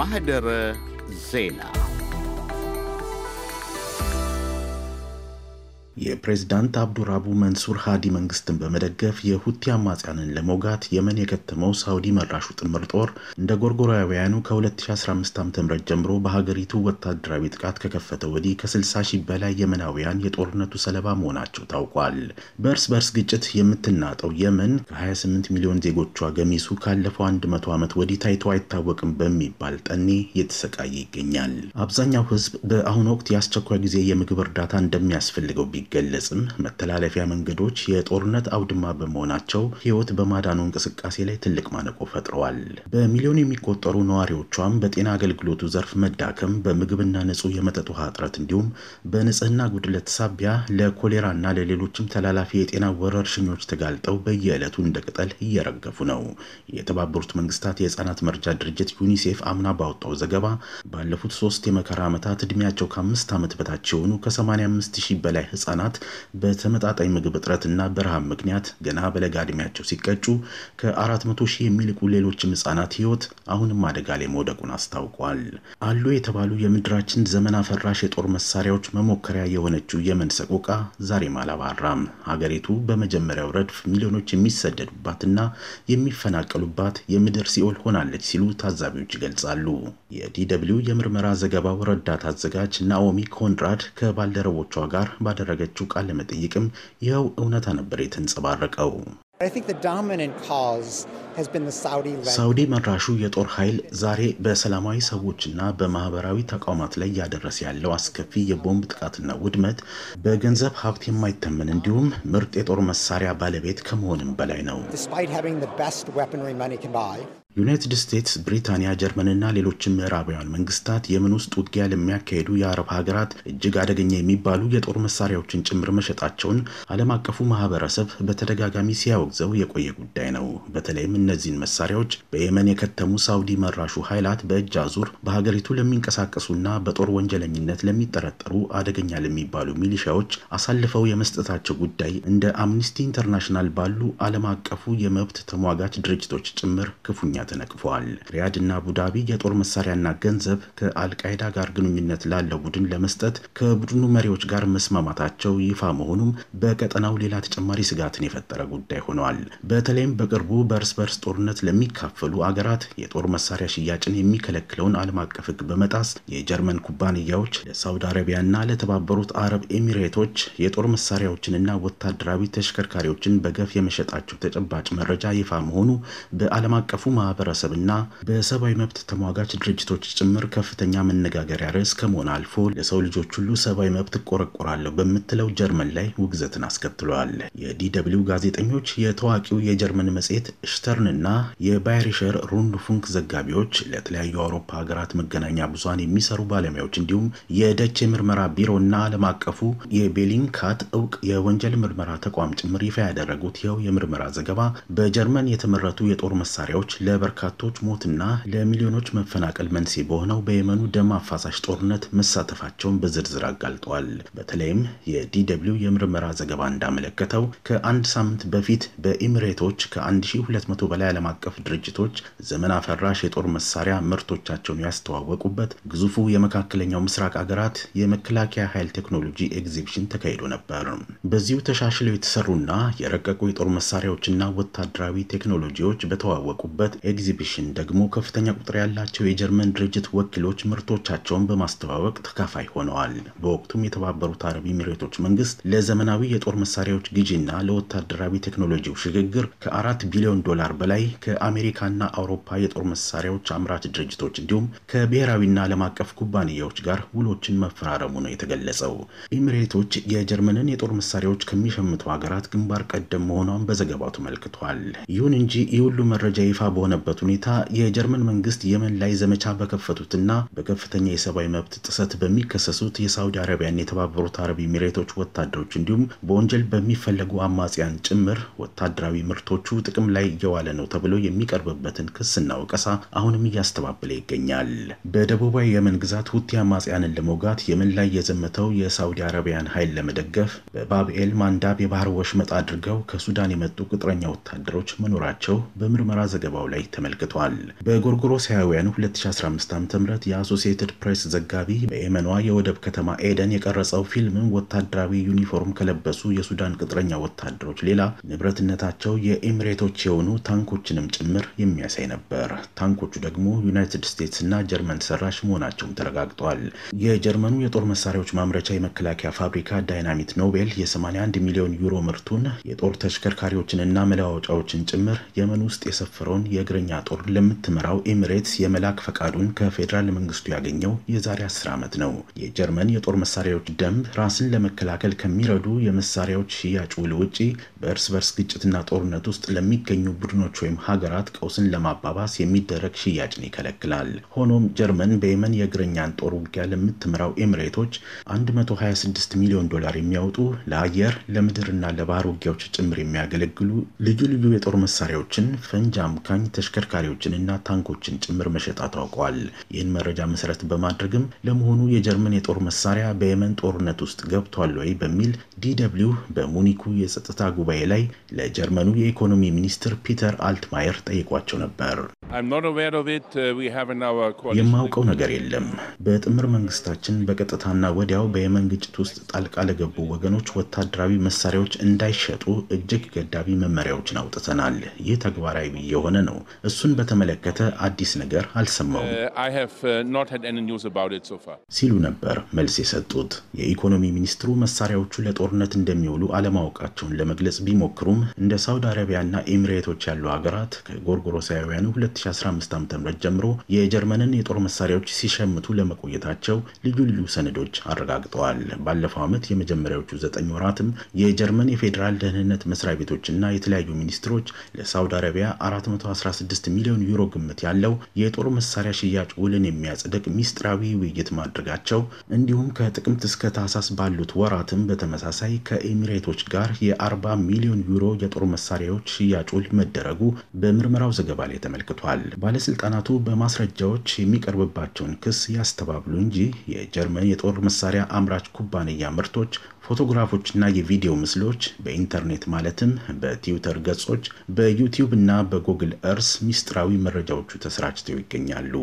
ማህደረ ዜና። የፕሬዝዳንት አብዱራቡ መንሱር ሃዲ መንግስትን በመደገፍ የሁቲ አማጽያንን ለመውጋት የመን የከተመው ሳውዲ መራሹ ጥምር ጦር እንደ ጎርጎራውያኑ ከ2015 ዓ.ም ጀምሮ በሀገሪቱ ወታደራዊ ጥቃት ከከፈተ ወዲህ ከ60 ሺህ በላይ የመናውያን የጦርነቱ ሰለባ መሆናቸው ታውቋል። በእርስ በርስ ግጭት የምትናጠው የመን ከ28 ሚሊዮን ዜጎቿ ገሚሱ ካለፈው 100 ዓመት ወዲህ ታይቶ አይታወቅም በሚባል ጠኔ እየተሰቃየ ይገኛል። አብዛኛው ህዝብ በአሁኑ ወቅት የአስቸኳይ ጊዜ የምግብ እርዳታ እንደሚያስፈልገው ቢ ቢገለጽም መተላለፊያ መንገዶች የጦርነት አውድማ በመሆናቸው ህይወት በማዳኑ እንቅስቃሴ ላይ ትልቅ ማነቆ ፈጥረዋል። በሚሊዮን የሚቆጠሩ ነዋሪዎቿም በጤና አገልግሎቱ ዘርፍ መዳከም፣ በምግብና ንጹህ የመጠጥ ውሃ እጥረት እንዲሁም በንጽህና ጉድለት ሳቢያ ለኮሌራና ለሌሎችም ተላላፊ የጤና ወረርሽኞች ተጋልጠው በየዕለቱ እንደ ቅጠል እየረገፉ ነው። የተባበሩት መንግስታት የህፃናት መርጃ ድርጅት ዩኒሴፍ አምና ባወጣው ዘገባ ባለፉት ሶስት የመከራ ዓመታት እድሜያቸው ከአምስት ዓመት በታች የሆኑ ከ85 ሺህ በላይ ህጻናት ህጻናት በተመጣጣኝ ምግብ እጥረትና በረሃብ ምክንያት ገና በለጋ ዕድሜያቸው ሲቀጩ ከ400 ሺህ የሚልቁ ሌሎችም ህጻናት ህይወት አሁንም አደጋ ላይ መውደቁን አስታውቋል። አሉ የተባሉ የምድራችን ዘመን አፈራሽ የጦር መሳሪያዎች መሞከሪያ የሆነችው የመን ሰቆቃ ዛሬም አላባራም። ሀገሪቱ በመጀመሪያው ረድፍ ሚሊዮኖች የሚሰደዱባትና የሚፈናቀሉባት የምድር ሲኦል ሆናለች ሲሉ ታዛቢዎች ይገልጻሉ። የዲደብሊው የምርመራ ዘገባው ረዳት አዘጋጅ ናኦሚ ኮንራድ ከባልደረቦቿ ጋር ባደረገ ባደረገችው ቃለ መጠይቅም ይኸው እውነታ ነበር የተንጸባረቀው። ሳውዲ መራሹ የጦር ኃይል ዛሬ በሰላማዊ ሰዎችና በማህበራዊ ተቋማት ላይ እያደረሰ ያለው አስከፊ የቦምብ ጥቃትና ውድመት በገንዘብ ሀብት የማይተመን እንዲሁም ምርጥ የጦር መሳሪያ ባለቤት ከመሆንም በላይ ነው። ዩናይትድ ስቴትስ፣ ብሪታንያ፣ ጀርመንና ሌሎችም ምዕራባውያን መንግስታት የመን ውስጥ ውጊያ ለሚያካሂዱ የአረብ ሀገራት እጅግ አደገኛ የሚባሉ የጦር መሳሪያዎችን ጭምር መሸጣቸውን ዓለም አቀፉ ማህበረሰብ በተደጋጋሚ ሲያወግዘው የቆየ ጉዳይ ነው። በተለይም እነዚህን መሳሪያዎች በየመን የከተሙ ሳውዲ መራሹ ኃይላት በእጅ አዙር በሀገሪቱ ለሚንቀሳቀሱና በጦር ወንጀለኝነት ለሚጠረጠሩ አደገኛ ለሚባሉ ሚሊሻዎች አሳልፈው የመስጠታቸው ጉዳይ እንደ አምኒስቲ ኢንተርናሽናል ባሉ ዓለም አቀፉ የመብት ተሟጋች ድርጅቶች ጭምር ክፉኛ ተነቅፏል። ሪያድና አቡዳቢ የጦር መሳሪያና ገንዘብ ከአልቃይዳ ጋር ግንኙነት ላለው ቡድን ለመስጠት ከቡድኑ መሪዎች ጋር መስማማታቸው ይፋ መሆኑም በቀጠናው ሌላ ተጨማሪ ስጋትን የፈጠረ ጉዳይ ሆኗል። በተለይም በቅርቡ በእርስ በርስ ጦርነት ለሚካፈሉ አገራት የጦር መሳሪያ ሽያጭን የሚከለክለውን ዓለም አቀፍ ሕግ በመጣስ የጀርመን ኩባንያዎች ለሳውዲ አረቢያና ለተባበሩት አረብ ኤሚሬቶች የጦር መሳሪያዎችንና ወታደራዊ ተሽከርካሪዎችን በገፍ የመሸጣቸው ተጨባጭ መረጃ ይፋ መሆኑ በዓለም አቀፉ ማ ማህበረሰብና በሰብአዊ መብት ተሟጋች ድርጅቶች ጭምር ከፍተኛ መነጋገሪያ ርዕስ ከመሆን አልፎ ለሰው ልጆች ሁሉ ሰብአዊ መብት እቆረቆራለሁ በምትለው ጀርመን ላይ ውግዘትን አስከትሏል። የዲደብሊው ጋዜጠኞች የታዋቂው የጀርመን መጽሔት ሽተርንና የባይሪሸር ሩንድ ፉንክ ዘጋቢዎች ለተለያዩ አውሮፓ ሀገራት መገናኛ ብዙሀን የሚሰሩ ባለሙያዎች እንዲሁም የደች የምርመራ ቢሮና ዓለም አቀፉ የቤሊንካት እውቅ የወንጀል ምርመራ ተቋም ጭምር ይፋ ያደረጉት ይኸው የምርመራ ዘገባ በጀርመን የተመረቱ የጦር መሳሪያዎች ለ ለበርካቶች ሞትና ለሚሊዮኖች መፈናቀል መንስኤ በሆነው በየመኑ ደም አፋሳሽ ጦርነት መሳተፋቸውን በዝርዝር አጋልጠዋል። በተለይም የዲደብሊው የምርመራ ዘገባ እንዳመለከተው ከአንድ ሳምንት በፊት በኢምሬቶች ከ1200 በላይ ዓለም አቀፍ ድርጅቶች ዘመን አፈራሽ የጦር መሳሪያ ምርቶቻቸውን ያስተዋወቁበት ግዙፉ የመካከለኛው ምስራቅ አገራት የመከላከያ ኃይል ቴክኖሎጂ ኤግዚቢሽን ተካሂዶ ነበር። በዚሁ ተሻሽለው የተሰሩና የረቀቁ የጦር መሳሪያዎችና ወታደራዊ ቴክኖሎጂዎች በተዋወቁበት ኤግዚቢሽን ደግሞ ከፍተኛ ቁጥር ያላቸው የጀርመን ድርጅት ወኪሎች ምርቶቻቸውን በማስተዋወቅ ተካፋይ ሆነዋል። በወቅቱም የተባበሩት አረብ ኤሚሬቶች መንግስት ለዘመናዊ የጦር መሳሪያዎች ግዢና ለወታደራዊ ቴክኖሎጂው ሽግግር ከአራት ቢሊዮን ዶላር በላይ ከአሜሪካና አውሮፓ የጦር መሳሪያዎች አምራች ድርጅቶች እንዲሁም ከብሔራዊና ዓለም አቀፍ ኩባንያዎች ጋር ውሎችን መፈራረሙ ነው የተገለጸው። ኤሚሬቶች የጀርመንን የጦር መሳሪያዎች ከሚሸምቱ ሀገራት ግንባር ቀደም መሆኗን በዘገባው ተመልክቷል። ይሁን እንጂ የሁሉ መረጃ ይፋ በሆነ በሆነበት ሁኔታ የጀርመን መንግስት የመን ላይ ዘመቻ በከፈቱትና በከፍተኛ የሰብአዊ መብት ጥሰት በሚከሰሱት የሳውዲ አረቢያና የተባበሩት አረብ ኤሚሬቶች ወታደሮች እንዲሁም በወንጀል በሚፈለጉ አማጽያን ጭምር ወታደራዊ ምርቶቹ ጥቅም ላይ እየዋለ ነው ተብሎ የሚቀርብበትን ክስና ወቀሳ አሁንም እያስተባበለ ይገኛል። በደቡባዊ የመን ግዛት ሁቲ አማጽያንን ለመውጋት የመን ላይ የዘመተው የሳውዲ አረቢያን ኃይል ለመደገፍ በባብኤል ማንዳብ የባህር ወሽመጥ አድርገው ከሱዳን የመጡ ቅጥረኛ ወታደሮች መኖራቸው በምርመራ ዘገባው ላይ ተመልክቷል። በጎርጎሮሳውያኑ 2015 ዓ ም የአሶሲየትድ ፕሬስ ዘጋቢ በየመኗ የወደብ ከተማ ኤደን የቀረጸው ፊልምም ወታደራዊ ዩኒፎርም ከለበሱ የሱዳን ቅጥረኛ ወታደሮች ሌላ ንብረትነታቸው የኤሚሬቶች የሆኑ ታንኮችንም ጭምር የሚያሳይ ነበር። ታንኮቹ ደግሞ ዩናይትድ ስቴትስ እና ጀርመን ሰራሽ መሆናቸውም ተረጋግጧል። የጀርመኑ የጦር መሳሪያዎች ማምረቻ የመከላከያ ፋብሪካ ዳይናሚት ኖቤል የ81 ሚሊዮን ዩሮ ምርቱን የጦር ተሽከርካሪዎችንና መለዋወጫዎችን ጭምር የመን ውስጥ የሰፈረውን የእግረ እግረኛ ጦር ለምትመራው ኤሚሬትስ የመላክ ፈቃዱን ከፌዴራል መንግስቱ ያገኘው የዛሬ አስር ዓመት ነው። የጀርመን የጦር መሳሪያዎች ደንብ ራስን ለመከላከል ከሚረዱ የመሳሪያዎች ሽያጭ ውል ውጪ በእርስ በርስ ግጭትና ጦርነት ውስጥ ለሚገኙ ቡድኖች ወይም ሀገራት ቀውስን ለማባባስ የሚደረግ ሽያጭን ይከለክላል። ሆኖም ጀርመን በየመን የእግረኛን ጦር ውጊያ ለምትመራው ኤሚሬቶች 126 ሚሊዮን ዶላር የሚያወጡ ለአየር ለምድርና ለባህር ውጊያዎች ጭምር የሚያገለግሉ ልዩ ልዩ የጦር መሳሪያዎችን ፈንጅ አምካኝ ተሽከርካሪዎችንና ታንኮችን ጭምር መሸጣ ታውቋል። ይህን መረጃ መሰረት በማድረግም ለመሆኑ የጀርመን የጦር መሳሪያ በየመን ጦርነት ውስጥ ገብቷል ወይ በሚል ዲደብሊው በሙኒኩ የጸጥታ ጉባኤ ላይ ለጀርመኑ የኢኮኖሚ ሚኒስትር ፒተር አልትማየር ጠይቋቸው ነበር። uh, የማውቀው ነገር የለም። በጥምር መንግስታችን በቀጥታና ወዲያው በየመን ግጭት ውስጥ ጣልቃ ለገቡ ወገኖች ወታደራዊ መሳሪያዎች እንዳይሸጡ እጅግ ገዳቢ መመሪያዎችን አውጥተናል። ይህ ተግባራዊ የሆነ ነው። እሱን በተመለከተ አዲስ ነገር አልሰማውም uh, uh, ሲሉ ነበር መልስ የሰጡት። የኢኮኖሚ ሚኒስትሩ መሳሪያዎቹ ለጦርነት እንደሚውሉ አለማወቃቸውን ለመግለጽ ቢሞክሩም እንደ ሳውዲ አረቢያና ኤሚሬቶች ያሉ ሀገራት ከጎርጎሮሳውያኑ 2015 ዓ.ም ጀምሮ የጀርመንን የጦር መሳሪያዎች ሲሸምቱ ለመቆየታቸው ልዩ ልዩ ሰነዶች አረጋግጠዋል። ባለፈው ዓመት የመጀመሪያዎቹ ዘጠኝ ወራትም የጀርመን የፌዴራል ደህንነት መስሪያ ቤቶችና የተለያዩ ሚኒስትሮች ለሳውዲ አረቢያ 416 16 ሚሊዮን ዩሮ ግምት ያለው የጦር መሳሪያ ሽያጭ ውልን የሚያጽድቅ ሚስጥራዊ ውይይት ማድረጋቸው እንዲሁም ከጥቅምት እስከ ታህሳስ ባሉት ወራትም በተመሳሳይ ከኤሚሬቶች ጋር የ40 ሚሊዮን ዩሮ የጦር መሳሪያዎች ሽያጭ ውል መደረጉ በምርመራው ዘገባ ላይ ተመልክቷል። ባለስልጣናቱ በማስረጃዎች የሚቀርብባቸውን ክስ ያስተባብሉ እንጂ የጀርመን የጦር መሳሪያ አምራች ኩባንያ ምርቶች ፎቶግራፎችና የቪዲዮ ምስሎች በኢንተርኔት ማለትም በትዊተር ገጾች፣ በዩቲዩብ እና በጉግል እርስ ሚስጥራዊ መረጃዎቹ ተሰራጭተው ይገኛሉ።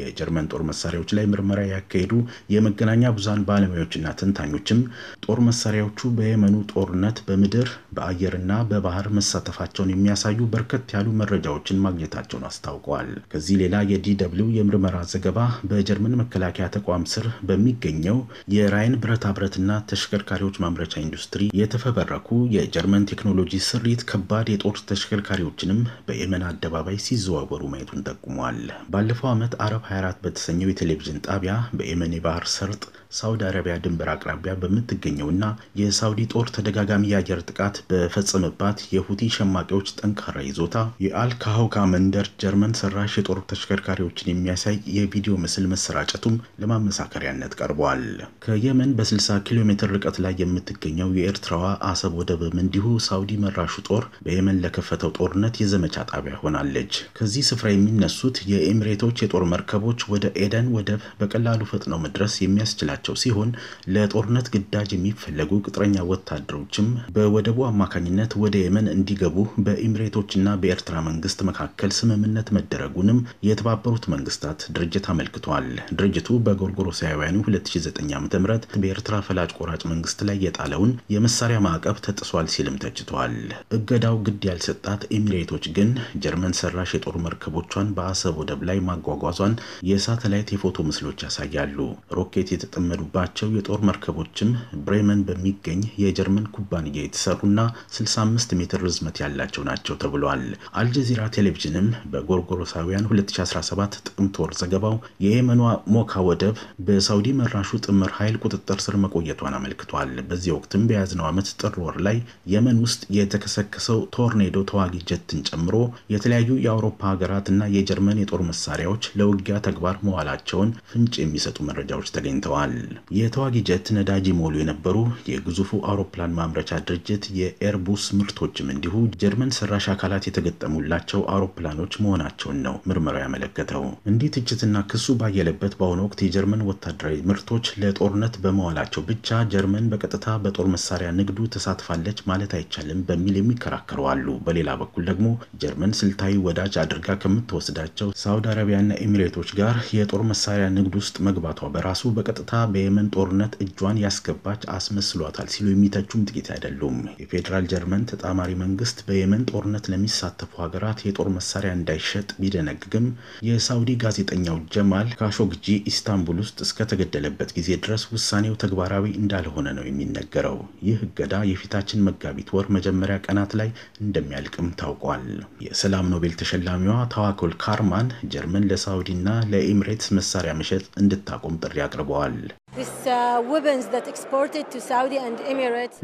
የጀርመን ጦር መሳሪያዎች ላይ ምርመራ ያካሄዱ የመገናኛ ብዙሃን ባለሙያዎችና ተንታኞችም ጦር መሳሪያዎቹ በየመኑ ጦርነት በምድር በአየርና በባህር መሳተፋቸውን የሚያሳዩ በርከት ያሉ መረጃዎችን ማግኘታቸውን አስታውቀዋል። ከዚህ ሌላ የዲደብሊው የምርመራ ዘገባ በጀርመን መከላከያ ተቋም ስር በሚገኘው የራይን ብረታ ብረትና ተሽከርካሪዎች ተሽከርካሪዎች ማምረቻ ኢንዱስትሪ የተፈበረኩ የጀርመን ቴክኖሎጂ ስሪት ከባድ የጦር ተሽከርካሪዎችንም በየመን አደባባይ ሲዘዋወሩ ማየቱን ጠቁሟል። ባለፈው ዓመት አረብ 24 በተሰኘው የቴሌቪዥን ጣቢያ በየመን የባህር ሰርጥ ሳውዲ አረቢያ ድንበር አቅራቢያ በምትገኘውና የሳውዲ ጦር ተደጋጋሚ የአየር ጥቃት በፈጸመባት የሁቲ ሸማቂዎች ጠንካራ ይዞታ የአልካሆካ መንደር ጀርመን ሰራሽ የጦር ተሽከርካሪዎችን የሚያሳይ የቪዲዮ ምስል መሰራጨቱም ለማመሳከሪያነት ቀርቧል። ከየመን በ60 ኪሎ ሜትር ርቀት ላይ የምትገኘው የኤርትራዋ አሰብ ወደብም እንዲሁ ሳውዲ መራሹ ጦር በየመን ለከፈተው ጦርነት የዘመቻ ጣቢያ ሆናለች። ከዚህ ስፍራ የሚነሱት የኤሚሬቶች የጦር መርከቦች ወደ ኤደን ወደብ በቀላሉ ፈጥነው መድረስ የሚያስችላቸው ያላቸው ሲሆን ለጦርነት ግዳጅ የሚፈለጉ ቅጥረኛ ወታደሮችም በወደቡ አማካኝነት ወደ የመን እንዲገቡ በኢሚሬቶችና በኤርትራ መንግስት መካከል ስምምነት መደረጉንም የተባበሩት መንግስታት ድርጅት አመልክቷል። ድርጅቱ በጎርጎሮሳውያኑ 2009 ዓ.ም በኤርትራ ፈላጭ ቆራጭ መንግስት ላይ የጣለውን የመሳሪያ ማዕቀብ ተጥሷል ሲልም ተችቷል። እገዳው ግድ ያልሰጣት ኢሚሬቶች ግን ጀርመን ሰራሽ የጦር መርከቦቿን በአሰብ ወደብ ላይ ማጓጓዟን የሳተላይት የፎቶ ምስሎች ያሳያሉ። ሮኬት የተጠመ የተለመዱባቸው የጦር መርከቦችም ብሬመን በሚገኝ የጀርመን ኩባንያ የተሰሩና 65 ሜትር ርዝመት ያላቸው ናቸው ተብሏል። አልጀዚራ ቴሌቪዥንም በጎርጎሮሳውያን 2017 ጥቅምት ወር ዘገባው የየመኗ ሞካ ወደብ በሳውዲ መራሹ ጥምር ኃይል ቁጥጥር ስር መቆየቷን አመልክቷል። በዚህ ወቅትም በያዝነው ዓመት ጥር ወር ላይ የመን ውስጥ የተከሰከሰው ቶርኔዶ ተዋጊ ጀትን ጨምሮ የተለያዩ የአውሮፓ ሀገራት እና የጀርመን የጦር መሳሪያዎች ለውጊያ ተግባር መዋላቸውን ፍንጭ የሚሰጡ መረጃዎች ተገኝተዋል። ተገኝተዋል። የተዋጊ ጀት ነዳጅ ይሞሉ የነበሩ የግዙፉ አውሮፕላን ማምረቻ ድርጅት የኤርቡስ ምርቶችም እንዲሁ ጀርመን ሰራሽ አካላት የተገጠሙላቸው አውሮፕላኖች መሆናቸውን ነው ምርመራው ያመለከተው። እንዲህ ትችትና ክሱ ባየለበት በአሁኑ ወቅት የጀርመን ወታደራዊ ምርቶች ለጦርነት በመዋላቸው ብቻ ጀርመን በቀጥታ በጦር መሳሪያ ንግዱ ተሳትፋለች ማለት አይቻልም በሚል የሚከራከሩ አሉ። በሌላ በኩል ደግሞ ጀርመን ስልታዊ ወዳጅ አድርጋ ከምትወስዳቸው ሳውዲ አረቢያና ኤሚሬቶች ጋር የጦር መሳሪያ ንግድ ውስጥ መግባቷ በራሱ በቀጥታ በየመን ጦርነት እጇን ያስገባች አስመስሏታል ሲሉ የሚተቹም ጥቂት አይደሉም። የፌዴራል ጀርመን ተጣማሪ መንግስት በየመን ጦርነት ለሚሳተፉ ሀገራት የጦር መሳሪያ እንዳይሸጥ ቢደነግግም የሳውዲ ጋዜጠኛው ጀማል ካሾግጂ ኢስታንቡል ውስጥ እስከተገደለበት ጊዜ ድረስ ውሳኔው ተግባራዊ እንዳልሆነ ነው የሚነገረው። ይህ እገዳ የፊታችን መጋቢት ወር መጀመሪያ ቀናት ላይ እንደሚያልቅም ታውቋል። የሰላም ኖቤል ተሸላሚዋ ታዋኮል ካርማን ጀርመን ለሳውዲና ለኤምሬትስ መሳሪያ መሸጥ እንድታቆም ጥሪ አቅርበዋል። Uh,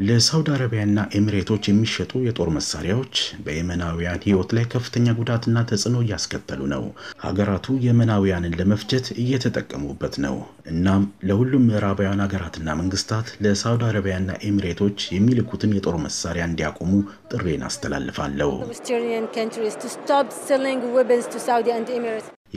ለሳውዲ አረቢያና ኤሚሬቶች የሚሸጡ የጦር መሳሪያዎች በየመናውያን ሕይወት ላይ ከፍተኛ ጉዳትና ተጽዕኖ እያስከተሉ ነው። ሀገራቱ የመናውያንን ለመፍጀት እየተጠቀሙበት ነው። እናም ለሁሉም ምዕራባውያን ሀገራትና መንግስታት ለሳውዲ አረቢያና ኤሚሬቶች የሚልኩትን የጦር መሳሪያ እንዲያቆሙ ጥሬን አስተላልፋለሁ።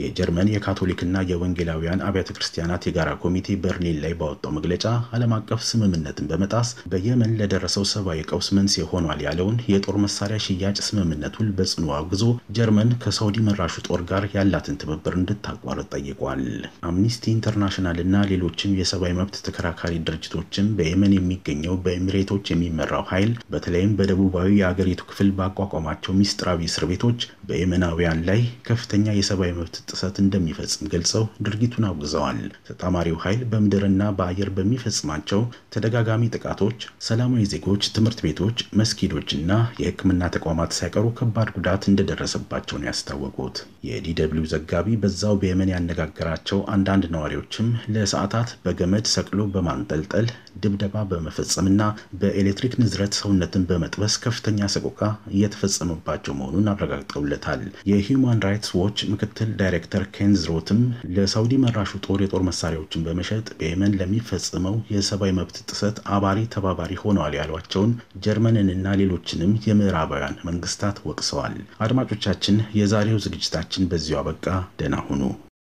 የጀርመን የካቶሊክና የወንጌላውያን አብያተ ክርስቲያናት የጋራ ኮሚቴ በርሊን ላይ ባወጣው መግለጫ ዓለም አቀፍ ስምምነትን በመጣስ በየመን ለደረሰው ሰብአዊ ቀውስ መንስኤ ሆኗል ያለውን የጦር መሳሪያ ሽያጭ ስምምነቱን በጽኑ አውግዞ ጀርመን ከሳውዲ መራሹ ጦር ጋር ያላትን ትብብር እንድታቋርጥ ጠይቋል። አምኒስቲ ኢንተርናሽናል እና ሌሎችም የሰብአዊ መብት ተከራካሪ ድርጅቶችም በየመን የሚገኘው በኤሚሬቶች የሚመራው ኃይል በተለይም በደቡባዊ የአገሪቱ ክፍል ባቋቋማቸው ሚስጥራዊ እስር ቤቶች በየመናውያን ላይ ከፍተኛ የሰብአዊ መብት ጥሰት እንደሚፈጽም ገልጸው ድርጊቱን አውግዘዋል። ተጣማሪው ኃይል በምድርና በአየር በሚፈጽማቸው ተደጋጋሚ ጥቃቶች ሰላማዊ ዜጎች ትምህርት ቤቶች፣ መስጊዶችና የሕክምና ተቋማት ሳይቀሩ ከባድ ጉዳት እንደደረሰባቸው ነው ያስታወቁት። የዲደብሊው ዘጋቢ በዛው በየመን ያነጋገራቸው አንዳንድ ነዋሪዎችም ለሰዓታት በገመድ ሰቅሎ በማንጠልጠል ድብደባ በመፈጸምና በኤሌክትሪክ ንዝረት ሰውነትን በመጥበስ ከፍተኛ ሰቆቃ እየተፈጸመባቸው መሆኑን አረጋግጠውለታል። የሂውማን ራይትስ ዎች ምክትል ዳይሬ ዳይሬክተር ኬንዝ ሮትም ለሳውዲ መራሹ ጦር የጦር መሳሪያዎችን በመሸጥ በየመን ለሚፈጽመው የሰብአዊ መብት ጥሰት አባሪ ተባባሪ ሆነዋል ያሏቸውን ጀርመንንና ሌሎችንም የምዕራባውያን መንግስታት ወቅሰዋል። አድማጮቻችን፣ የዛሬው ዝግጅታችን በዚሁ አበቃ። ደህና ሁኑ።